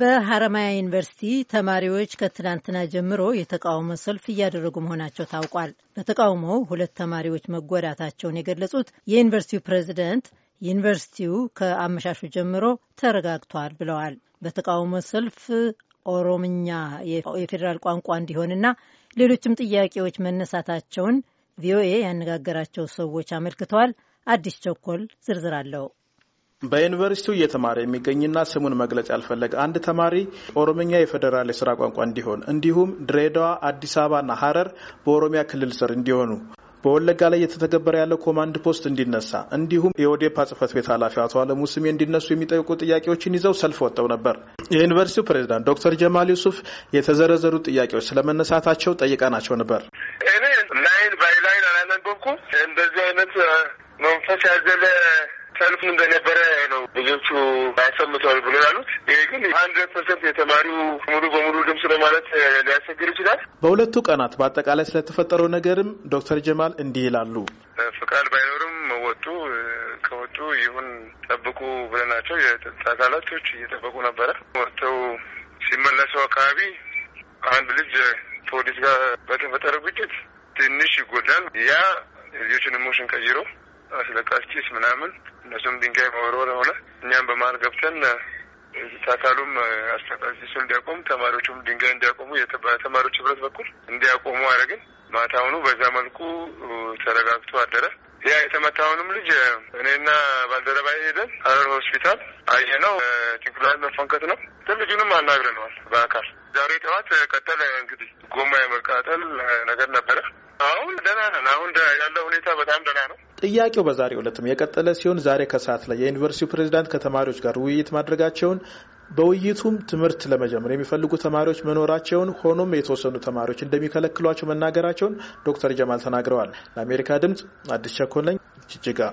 በሐረማያ ዩኒቨርሲቲ ተማሪዎች ከትላንትና ጀምሮ የተቃውሞ ሰልፍ እያደረጉ መሆናቸው ታውቋል። በተቃውሞው ሁለት ተማሪዎች መጎዳታቸውን የገለጹት የዩኒቨርሲቲው ፕሬዚደንት ዩኒቨርሲቲው ከአመሻሹ ጀምሮ ተረጋግቷል ብለዋል። በተቃውሞ ሰልፍ ኦሮምኛ የፌዴራል ቋንቋ እንዲሆንና ሌሎችም ጥያቄዎች መነሳታቸውን ቪኦኤ ያነጋገራቸው ሰዎች አመልክተዋል። አዲስ ቸኮል ዝርዝር አለው። በዩኒቨርሲቲው እየተማረ የሚገኝና ስሙን መግለጽ ያልፈለገ አንድ ተማሪ ኦሮምኛ የፌዴራል የስራ ቋንቋ እንዲሆን እንዲሁም ድሬዳዋ፣ አዲስ አበባና ሀረር በኦሮሚያ ክልል ስር እንዲሆኑ በወለጋ ላይ እየተተገበረ ያለው ኮማንድ ፖስት እንዲነሳ እንዲሁም የኦዴፓ ጽህፈት ቤት ኃላፊ አቶ አለሙ ስሜ እንዲነሱ የሚጠይቁ ጥያቄዎችን ይዘው ሰልፍ ወጥተው ነበር። የዩኒቨርሲቲው ፕሬዚዳንት ዶክተር ጀማል ዩሱፍ የተዘረዘሩ ጥያቄዎች ስለመነሳታቸው ጠይቀናቸው ነበር። እኔ ላይን ባይ ላይን አላነበብኩም። እንደዚህ አይነት መንፈስ ያዘለ ሰልፍም እንደነበረ ነው ልጆቹ ያሰምተዋል ብሎ ያሉት። ይሄ ግን ሀንድረድ ፐርሰንት የተማሪው ሙሉ በሙሉ ድምፅ ለማለት ማለት ሊያስቸግር ይችላል። በሁለቱ ቀናት በአጠቃላይ ስለተፈጠረው ነገርም ዶክተር ጀማል እንዲህ ይላሉ። ፍቃድ ባይኖርም ወጡ ከወጡ ይሁን ጠብቁ ብለናቸው የጸጥታ አካላቶች እየጠበቁ ነበረ። ወጥተው ሲመለሰው አካባቢ አንድ ልጅ ፖሊስ ጋር በተፈጠረ ግጭት ትንሽ ይጎዳል። ያ ልጆችን ሞሽን ቀይሮ አስለቃችስ ምናምን እነሱም ድንጋይ መወርወር ሆነ። እኛም በመሀል ገብተን ታካሉም አስለቃችሱ እንዲያቆሙ ተማሪዎቹም ድንጋይ እንዲያቆሙ ተማሪዎች ህብረት በኩል እንዲያቆሙ አደረግን። ማታውኑ በዛ መልኩ ተረጋግቶ አደረ። ያ የተመታውንም ልጅ እኔና ባልደረባ ሄደን ሀረር ሆስፒታል አየነው። ጭንቅላት መፈንከት ነው። ልጁንም አናግረነዋል በአካል ዛሬ ጠዋት ቀጠለ። እንግዲህ ጎማ የመቃጠል ነገር ነበረ። አሁን ደህና ነን። አሁን ያለው ሁኔታ በጣም ደህና ነው። ጥያቄው በዛሬው ዕለትም የቀጠለ ሲሆን ዛሬ ከሰዓት ላይ የዩኒቨርሲቲው ፕሬዚዳንት ከተማሪዎች ጋር ውይይት ማድረጋቸውን በውይይቱም ትምህርት ለመጀመር የሚፈልጉ ተማሪዎች መኖራቸውን ሆኖም የተወሰኑ ተማሪዎች እንደሚከለክሏቸው መናገራቸውን ዶክተር ጀማል ተናግረዋል። ለአሜሪካ ድምጽ አዲስ ቸኮለኝ ጅጅጋ